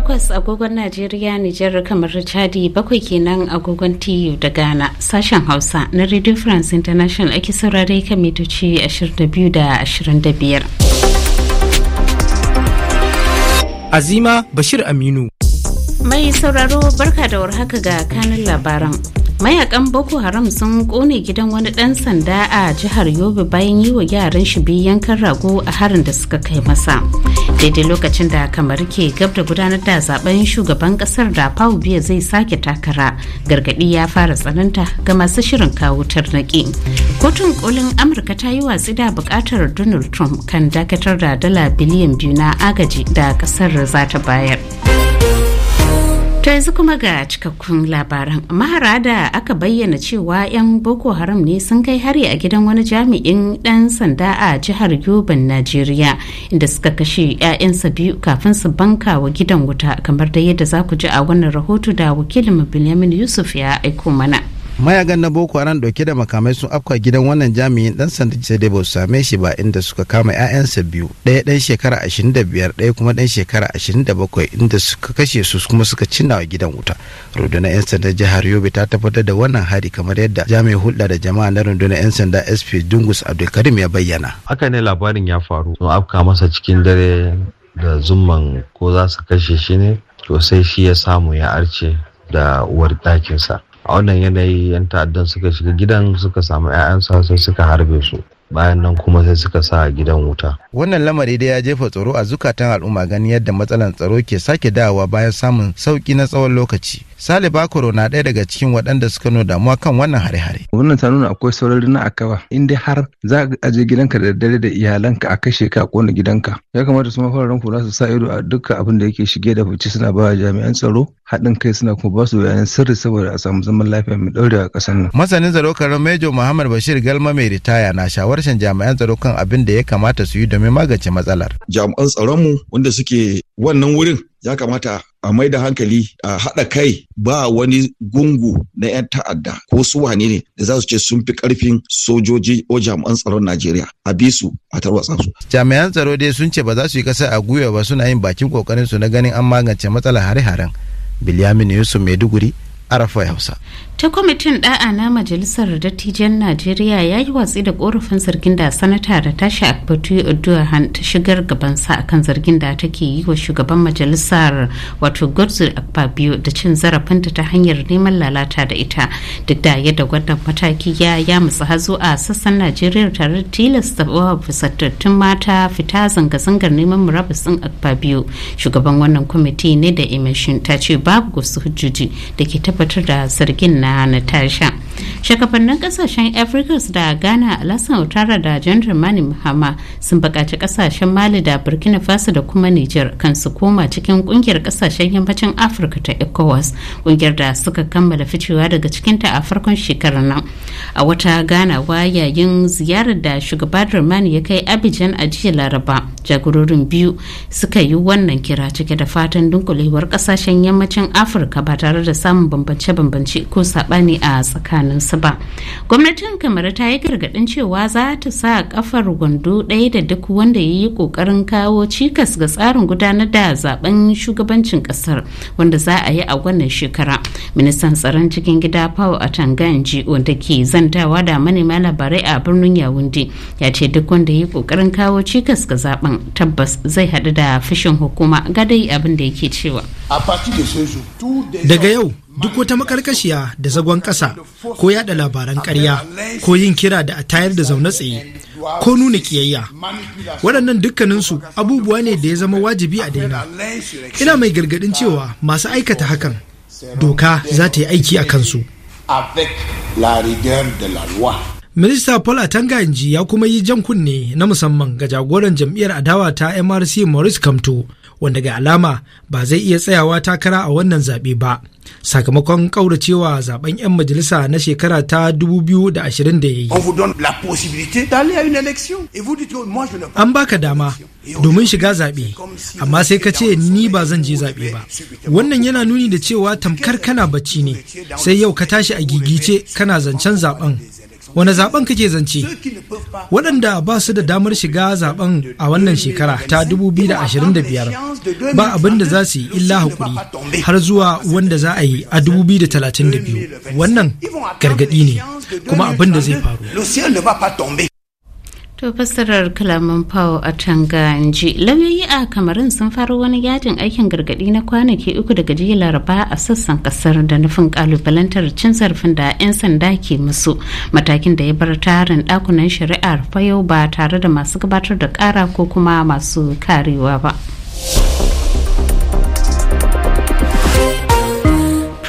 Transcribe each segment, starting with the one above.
takwas agogon Najeriya Nijar kamar Chadi bakwai kenan agogon TU da Ghana sashen Hausa na Radio France International ake saurare kan mitoci 22 da 25. Azima Bashir Aminu. Mai sauraro barka da warhaka ga kanin labaran. mayakan boko haram sun kone gidan wani dan sanda a jihar yobe bayan yi wa yaran shi biyan kan rago a harin da suka kai masa daidai lokacin da kamar ke gab da gudanar da zaben shugaban kasar da pau biya zai sake takara gargadi ya fara tsananta ga masu shirin kawo tarnaki kotun kolin amurka ta yi watsi da bukatar donald trump kan dakatar da dala biliyan biyu na agaji da kasar za ta bayar. sai yanzu kuma ga cikakkun labaran mahara da aka bayyana cewa 'yan Boko Haram ne sun kai hari a gidan wani jami'in ɗan sanda a jihar Yoban Najeriya inda suka kashe 'ya'yansa biyu kafin su banka wa gidan wuta kamar da yadda za ku ji a wannan rahoto da wakilin Bilyamin Yusuf ya aiko mana. mayagan na boko haram dauke da makamai sun afka gidan wannan jami'in dan sanda sai dai ba su same shi ba inda suka kama 'ya'yansa biyu ɗaya ɗan shekara ashirin da biyar ɗaya kuma ɗan shekara ashirin da bakwai inda suka kashe su kuma suka cinna wa gidan wuta rundunar 'yan sanda jihar yobe ta tabbatar da wannan hari kamar yadda jami'in hulɗa da jama'a na rundunar 'yan sanda sp dungus abdulkarim ya bayyana haka ne labarin ya faru sun afka masa cikin dare da zumman ko za su kashe shi ne to sai shi ya samu ya arce da uwar ɗakinsa a wannan yanayi yan ta'addan suka shiga gidan suka samu 'ya'yansa sai suka harbe su bayan nan kuma sai suka sa gidan wuta wannan lamari dai ya jefa tsaro a zukatan al'umma ganin yadda matsalar tsaro ke sake dawowa bayan samun sauki na tsawon lokaci Sale Bakoro na ɗaya daga cikin waɗanda suka nuna damuwa kan wannan hare-hare. Wannan ta nuna akwai saurari na akawa in har za a aje gidanka da daddare da iyalanka a kashe ka a kona gidanka. Ya kamata su fararen kula su sa ido a dukkan abin da yake shige da fice suna ba jami'an tsaro haɗin kai suna kuma ba su bayanan sirri saboda a samu zaman lafiya mai daurewa a ƙasar nan. Masanin tsaro Majo Mejo Muhammad Bashir Galma mai ritaya na shawarcin jami'an tsaro kan abin da ya kamata su yi domin magance matsalar. Jami'an tsaronmu wanda suke wannan wurin ya kamata a mai da hankali a haɗa kai ba wani gungu na 'yan ta'adda ko su wane ne da za su ce sun fi ƙarfin sojoji ko jami'an tsaron Najeriya a bi su a tarwatsa su. Jami'an tsaro dai sun ce ba za su yi ƙasa a gwiwa ba suna yin bakin kokarin su na ganin an magance matsalar hare-haren. Biliyamin Yusuf Maiduguri, Arafa Hausa. ta kwamitin da'a na majalisar dattijan najeriya ya yi watsi da korafin zargin da sanata da tashi akbatu oduahan ta shigar gabansa akan zargin da take yi wa shugaban majalisar wato godson akpabio da cin zarafinta ta hanyar neman lalata da ita duk da ya da wannan mataki ya ya musu hazo a sassan najeriya tare da tilasta wa fusatattun mata fita zanga-zangar neman murabasin din akpabio shugaban wannan kwamiti ne da imashin ta ce babu wasu hujjoji da ke tabbatar da zargin na na natasha shakafannin kasashen su da ghana alasan otara da janar mani muhamma sun bukaci kasashen mali da burkina faso da kuma niger kan su koma cikin kungiyar kasashen yammacin afirka ta ecowas kungiyar da suka kammala ficewa daga cikinta a farkon shekarar nan a wata ganawa yayin ziyarar da shugaba mani ya kai abidjan a jiya laraba jagororin biyu suka yi wannan kira cike da fatan dunkulewar kasashen yammacin afirka ba tare da samun bambance-bambance ko sabani a tsakaninsu ba gwamnatin kamara ta yi gargadin cewa za ta sa kafar gwando ɗaya da duk wanda ya yi kokarin kawo cikas ga tsarin gudanar da zaben shugabancin ƙasar wanda za a yi a wannan shekara ministan tsaron cikin gida a atanganji wanda ke zantawa da manema labarai a birnin yawundi ya ce duk wanda ya yi kokarin kawo cikas ga zaben tabbas zai haɗu da fashin hukuma gadai abin da yake cewa daga yau duk wata makarkashiya da zagon ƙasa ko yada labaran ƙarya ko yin kira da a tayar da zaune tsaye ko nuna ƙiyayya waɗannan dukkaninsu abubuwa ne da ya zama wajibi a daina ina mai gargaɗin cewa masu aikata hakan doka za ta yi aiki a kansu Minista Paul Atanga ya kuma yi jan kunne na musamman ga jagoran jam'iyyar adawa ta MRC Maurice Kamto wanda ga alama ba zai iya tsayawa takara a wannan zaɓe ba sakamakon kauracewa zaben 'yan majalisa na shekara ta 2020 da ya yi. Oh, An baka dama domin shiga zaɓe, amma sai ka ce ni ba zan je zaɓe ba. Wannan yana nuni da cewa tamkar kana bacci ne, sai yau ka tashi a gigice kana zancen zaben wani zaben kake zance waɗanda ba su da damar shiga zaben a wannan shekara ta 2025 ba abin da za su yi illa hakuri har zuwa wanda za a yi a 2032 wannan gargaɗi ne kuma abin da zai faru To fassarar kalaman Pau a Tanganji. Lauyoyi a kamarin sun faro wani yajin aikin gargadi na kwanaki uku daga jiya Laraba a sassan kasar da nufin kalubalantar cin zarafin da 'yan sanda ke musu. Matakin da ya bar tarin dakunan shari'ar fayau ba tare da masu gabatar da kara ko kuma masu karewa ba.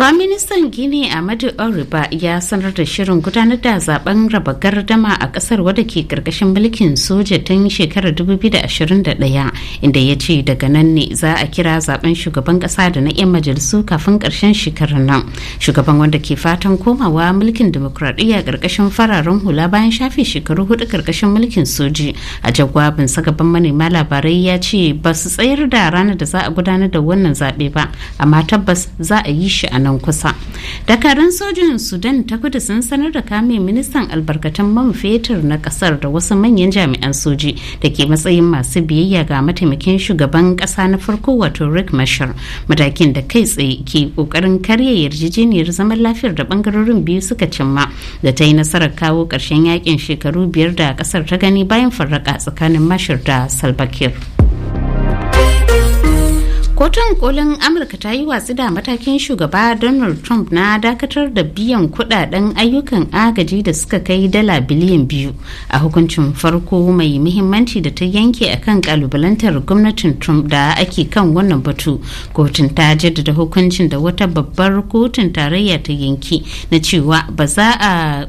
Firaministan Gini Ahmadu Oriba ya sanar da shirin gudanar da zaben raba gardama a kasar wadda ke karkashin mulkin soja tun shekarar 2021 inda ya ce daga nan ne za a kira zaben shugaban kasa da na 'yan majalisu kafin karshen shekarar nan. Shugaban wanda ke fatan komawa mulkin demokuraɗiyya karkashin fararen hula bayan shafe shekaru hudu karkashin mulkin soji a jawabin gaban manema labarai ya ce ba su tsayar da ranar da za a gudanar da wannan zaɓe ba amma tabbas za a yi shi a nan nan kusa dakarun sojin sudan ta kudu sun sanar da kame ministan albarkatun man fetur na kasar da wasu manyan jami'an soji da ke matsayin masu biyayya ga mataimakin shugaban kasa na farko wato rick mashar matakin da kai tsaye ke kokarin karya yarjejeniyar zaman lafiyar da bangarorin biyu suka cimma da ta yi nasarar kawo karshen yakin shekaru biyar da kasar ta gani bayan farraka tsakanin mashar da salbakir kotun kolin amurka ta yi watsi da matakin shugaba donald trump na dakatar da biyan kudaden ayyukan agaji da suka kai dala biliyan biyu a hukuncin farko mai muhimmanci da ta yanke a kan kalubalantar gwamnatin trump da ake kan wannan batu kotun ta jaddada hukuncin da wata babbar kotun tarayya ta yanke na cewa ba za a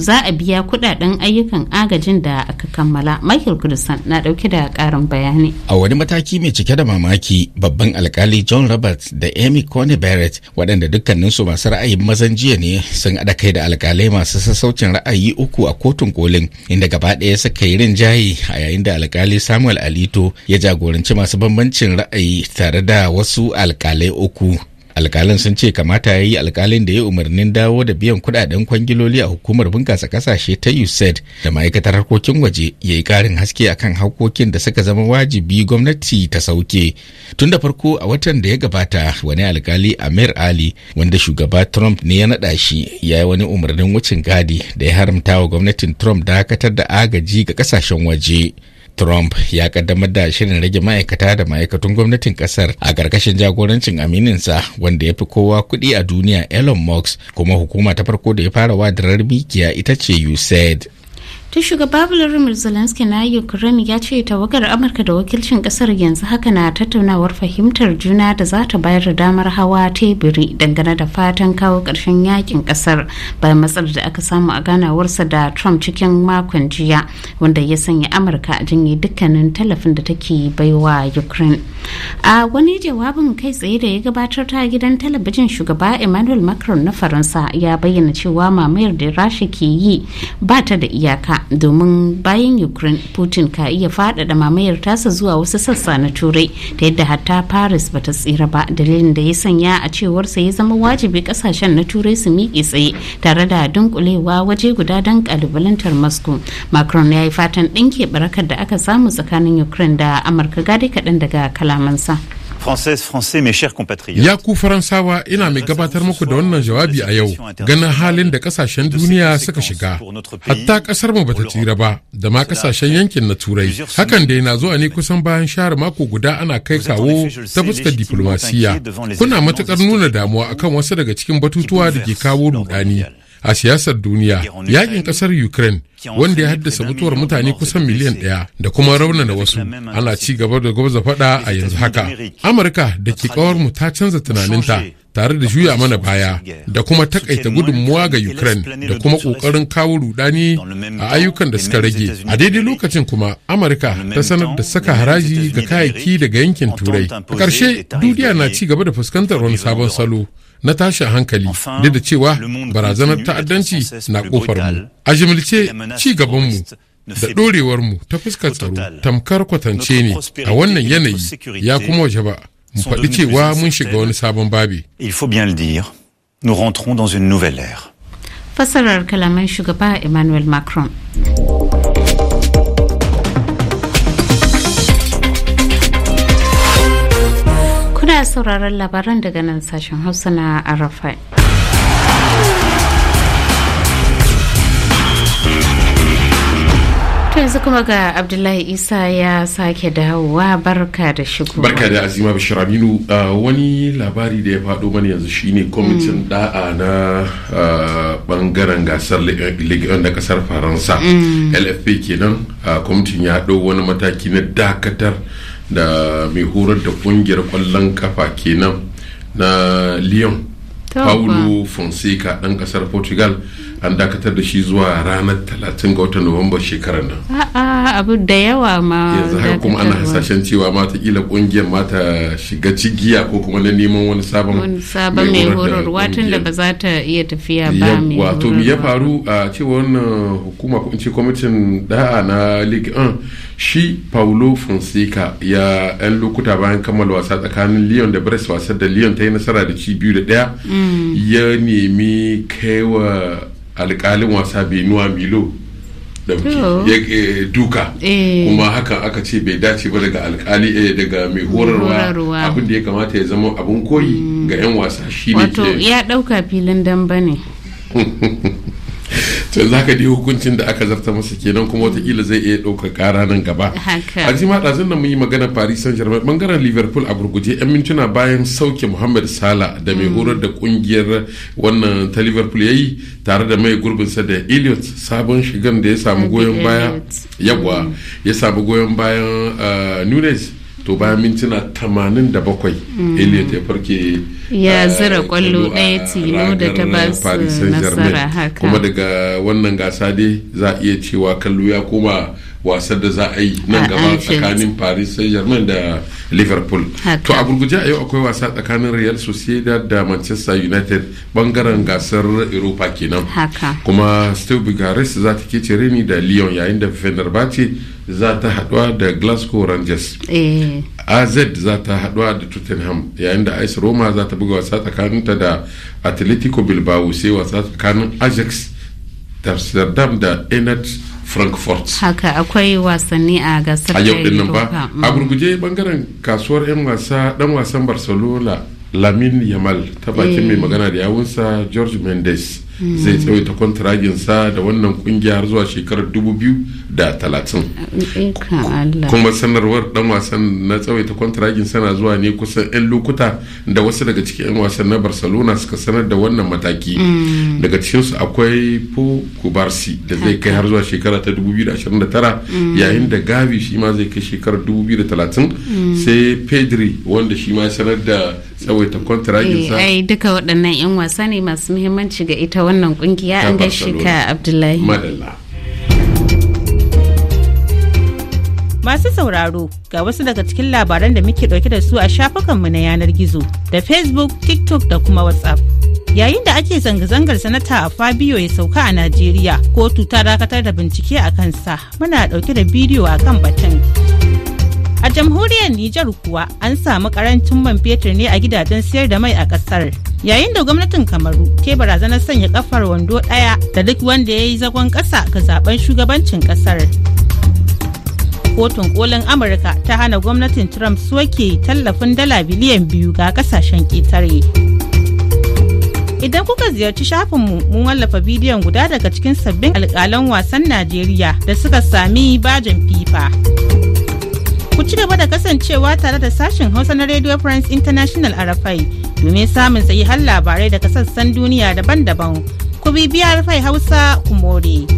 za a biya kudaden ayyukan agajin da aka kammala michael kudusan na dauke da karin bayani a wani mataki mai cike da mamaki babbar zaben alkali john roberts da amy coney barrett waɗanda dukkaninsu masu ra'ayin mazan jiya ne sun haɗa kai da alkalai masu sassaucin ra'ayi uku a kotun kolin inda gaba ɗaya suka yi jayi a yayin da alkali samuel alito ya jagoranci masu bambancin ra'ayi tare da wasu alkalai uku alkalin sun ce kamata ya yi alkalin da ya umarnin dawo da biyan kudaden kwangiloli a hukumar bunkasa ƙasashe ta usaid da ma'aikatar harkokin waje ya yi karin haske a kan harkokin da suka zama wajibi gwamnati ta sauke tun da farko a watan da ya gabata wani alkali amir ali wanda shugaba trump ne ya naɗa shi ya yi wani umarnin wucin gadi da ya haramta wa gwamnatin trump dakatar da agaji ga ƙasashen waje Trump ya kaddamar da shirin rage ma'aikata da ma'aikatun gwamnatin kasar a ƙarƙashin jagorancin amininsa wanda ya fi kowa kuɗi a duniya Elon Musk kuma hukuma ta farko da ya fara wadarar mikiya ita ce USAID. ta shugaba vladimir Zelensky na Ukraine ya ce tawagar Amurka da wakilcin kasar yanzu haka na tattaunawar fahimtar juna da za ta bayar da damar hawa teburi dangane da fatan kawo karshen yakin kasar bayan matsalar da aka samu a ganawarsa da Trump cikin makon jiya wanda ya sanya Amurka a janye dukkanin tallafin da take baiwa Ukraine. A wani jawabin kai tsaye da ya gabatar ta gidan talabijin shugaba Emmanuel Macron na Faransa ya bayyana cewa mamayar da Rasha ke yi ba ta da iyaka domin bayan ukraine putin ka iya faɗaɗa mamayar tasa zuwa wasu sassa na turai ta yadda hatta paris ba ta tsira ba dalilin da ya sanya a cewarsa ya zama wajibi kasashen na turai su miƙe tsaye tare da dunkulewa waje guda don kalubalantar moscow macron ya yi fatan ɗinke barakar da aka samu tsakanin ukraine da amurka gadi kaɗan daga kalamansa. Française, Français, mes chers compatriotes. Ya Faransawa ina mai gabatar muku da wannan jawabi a yau ganin halin da kasashen duniya suka shiga. Hatta kasar mu bata tsira ba da ma kasashen yankin na Turai. Hakan dai na zuwa ne kusan bayan share mako guda ana kai kawo ta fuskar diplomasiya. Kuna matuƙar nuna damuwa akan wasu daga cikin batutuwa da ke kawo rudani a siyasar duniya. Yakin ƙasar Ukraine wanda ya haddasa mutuwar mutane kusan miliyan ɗaya da kuma raunana wasu ana ci gaba da gwabza faɗa a yanzu haka amurka da ke mu ta canza tunaninta tare da juya mana baya da kuma takaita gudunmuwa ga ukraine da kuma kokarin kawo rudani a ayyukan da suka rage a daidai lokacin kuma amurka ta sanar da saka haraji ga kayayyaki daga yankin turai a ƙarshe duniya na ci gaba da fuskantar wani sabon salo na tashin hankali duk da cewa barazanar ta'addanci na kofar mu a jimilce ci gaban mu da mu ta fuskar tsaro tamkar kwatance ne a wannan yanayi ya kuma waje ba mu faɗi cewa mun shiga wani sabon babi. fasarar kalaman shugaba Emmanuel Macron. sauraron labaran daga nan sashen hausa na arafai yanzu kuma ga abdullahi isa ya sake dawowa barka da shigo barka da azima bashir aminu ah, wani labari da ya faɗo mana yanzu shine mm. kwamitin da'a na bangaren ah, gasar legion da kasar faransa mm. lfp kenan ah, kwamitin ya ɗau wani mataki na dakatar da mai horar da kungiyar kwallon kafa kenan na lyon paulo fonseca dan kasar portugal an dakatar da shi zuwa ranar talatin ga watan nuwamba shekarar nan a'a abu da yawa ma yanzu haka kuma ana hasashen cewa mata kila kungiyar mata shiga cigiya ko kuma na neman wani sabon mai horarwa tun da ba za ta iya tafiya ba mai horarwa ya faru a cewa wannan hukuma ko da'a na league 1 shi paulo fonseca ya yan lokuta bayan kammala wasa tsakanin lyon da brest wasan da lyon ta yi nasara da ci biyu da daya mm. ya nemi kaiwa alƙalin wasa benuwa milo ɗauki eh, duka eh. kuma hakan aka ce bai dace ba daga alƙali eh, daga mai horarwa abin da ya kamata ya zama abin koyi mm. ga 'yan wasa shi ne wato ya ɗauka filin damba ne to za ka hukuncin da aka zarta masa kenan kuma watakila zai iya ɗauka ƙara nan gaba a jima ɗazun nan mun yi magana paris saint germain ɓangaren liverpool a gurguje yan mintuna bayan sauke muhammad sala da mai mm. horar da kungiyar wannan ta liverpool ya yi tare da mai gurbinsa da elliot sabon shigan da ya samu goyon baya yagwa mm. ya samu goyon bayan ah, nunes to bayan mintuna 87 mm. Eliot ya farke ya eh, zira kwallo daya tilo da ta ba eh, su nasara haka kuma daga wannan gasa dai za a iya cewa kallo ya koma wasan da za a yi nan gaba tsakanin paris saint germain da liverpool to a gurguje a yau akwai wasa tsakanin real sociedad da manchester united bangaren gasar europa kenan kuma steve bucharest za ta kece reni da lyon yayin da fenerbahce za ta haduwa da glasgow rangers eh. az za ta haduwa da tottenham yayin da ice roma za ta buga wasa tsakaninta da atletico bilbao sai wasa tsakanin ajax amsterdam da enat frankfurt haka akwai wasanni a gasar a yau ba ah, mm. a gurguje bangaren kasuwar 'yan wasa dan wasan barcelona lamin yamal ta bakin eh. mai magana da yawunsa george mendes zai tsawaita sa da wannan kungiya har zuwa shekarar 2030 kuma sanarwar dan wasan na tsawaita sa na zuwa ne kusan 'yan lokuta da wasu daga cikin 'yan wasan na barcelona suka sanar da wannan mataki mm. daga cikinsu akwai po kubarsi da zai kai har zuwa shekara ta 2029 mm. yayin da gavi shi ma zai kai shekarar 2030 mm. sai pedri wanda shi ma sanar da tsawaita eh, ai duka waɗannan 'yan wasa ne masu muhimmanci ga ita wannan kungiya an gaishe ka abdullahi Masu sauraro ga wasu daga cikin labaran da muke ɗauke da su a shafukanmu na yanar gizo da Facebook, TikTok da kuma WhatsApp. Yayin da ake zanga-zangar sanata a Fabio ya sauka a Najeriya, kotu ta dakatar da bincike a kansa muna ɗauke da bidiyo a kan batun. A jamhuriyar Nijar kuwa an samu karancin man fetur ne a gidajen sayar da mai a kasar. Yayin da gwamnatin Kamaru ke barazanar sanya kafar wando ɗaya da duk wanda ya yi zagon ƙasa ga zaben shugabancin ƙasar. Kotun kolin Amurka ta hana gwamnatin Trump soke tallafin dala biliyan biyu ga kasashen ƙetare. Idan kuka ziyarci shafinmu mun wallafa bidiyon guda daga cikin sabbin alƙalan wasan Najeriya da suka sami bajin FIFA. Ku ci gaba da kasancewa tare da sashen Hausa na Radio France International a Rafai domin samun sayi har labarai daga sassan duniya daban-daban. Ku bibiya Rafai Hausa ku more.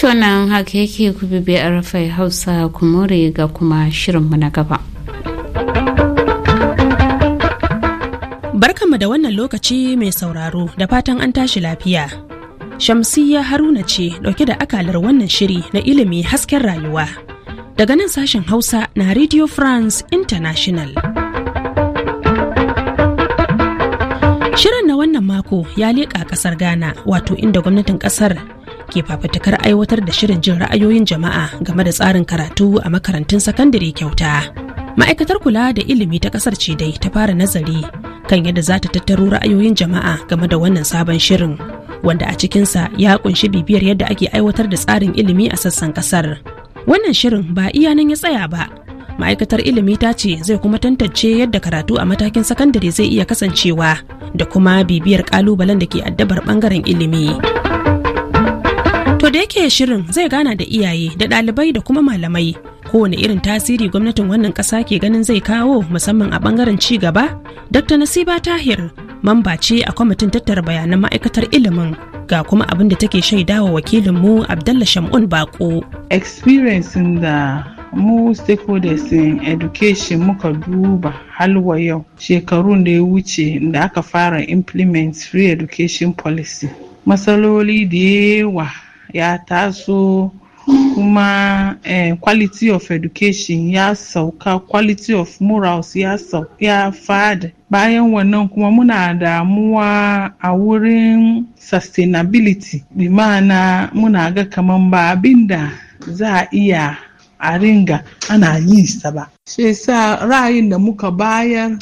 Tunan haka yake ku bibiya Rafai Hausa ku ga kuma shirinmu na gaba. Barkanmu da wannan lokaci mai sauraro da fatan an tashi lafiya. Shamsiyya Haruna ce dauke da akalar wannan shiri na ilimi hasken rayuwa. daga nan sashen Hausa na Radio France International. Shirin na wannan mako ya leƙa ƙasar Ghana wato inda gwamnatin ƙasar ke fafatakar aiwatar da shirin jin ra'ayoyin jama'a game da tsarin karatu a makarantun sakandare kyauta. Ma'aikatar kula da ilimi ta ƙasar ce dai ta fara nazari kan yadda za ta tattaro ra'ayoyin jama'a game da wannan sabon shirin. wanda a cikinsa ya kunshi bibiyar yadda ake aiwatar da tsarin ilimi a sassan ƙasar. wannan shirin ba iya nan ya tsaya ba ma'aikatar ilimi ta ce zai kuma tantance yadda karatu a matakin sakandare zai iya kasancewa da kuma bibiyar kalubalen da ke addabar bangaren ilimi to da yake shirin zai gana da iyaye da ɗalibai da kuma malamai kowane irin tasiri gwamnatin wannan ƙasa ke ganin zai kawo musamman a bangaren ci gaba? Dr. Nasiba Tahir, mamba ce a kwamitin tattara bayanan ma'aikatar ilimin ga kuma abin da take shaidawa wakilinmu abdalla shamun bako experience da mu stakeholders in education muka duba halwa yau shekarun da ya wuce da aka fara implement free education policy matsaloli da yawa ya taso kuma eh, quality of education ya sauka quality of morals ya sauka ya fada bayan wannan kuma muna damuwa a wurin sustainability bi ma'ana muna ga kaman ba abinda za a iya a ringa ana yi sa ba shi sa ra'ayin da muka bayar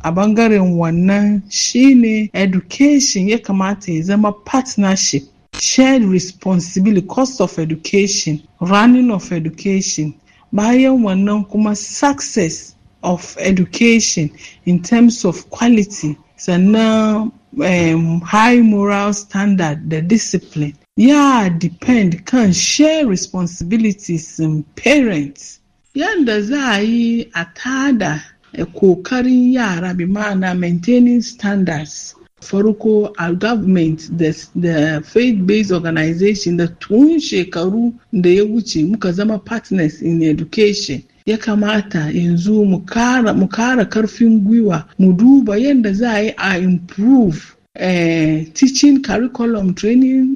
a bangaren wannan shine education ya kamata ya zama partnership shared responsibility cost of education running of education bayan wannan kuma success of education in terms of quality sannan um, high moral standard da discipline ya yeah, depend kan share responsibilities in parents yadda za a yi a tada eh, kokarin yara bi ma'ana maintaining standards farko a government da, da faith-based organization da tun shekaru da ya wuce muka zama partners in education ya kamata yanzu mu kara karfin gwiwa mu duba yadda za a yi a improve eh, teaching curriculum training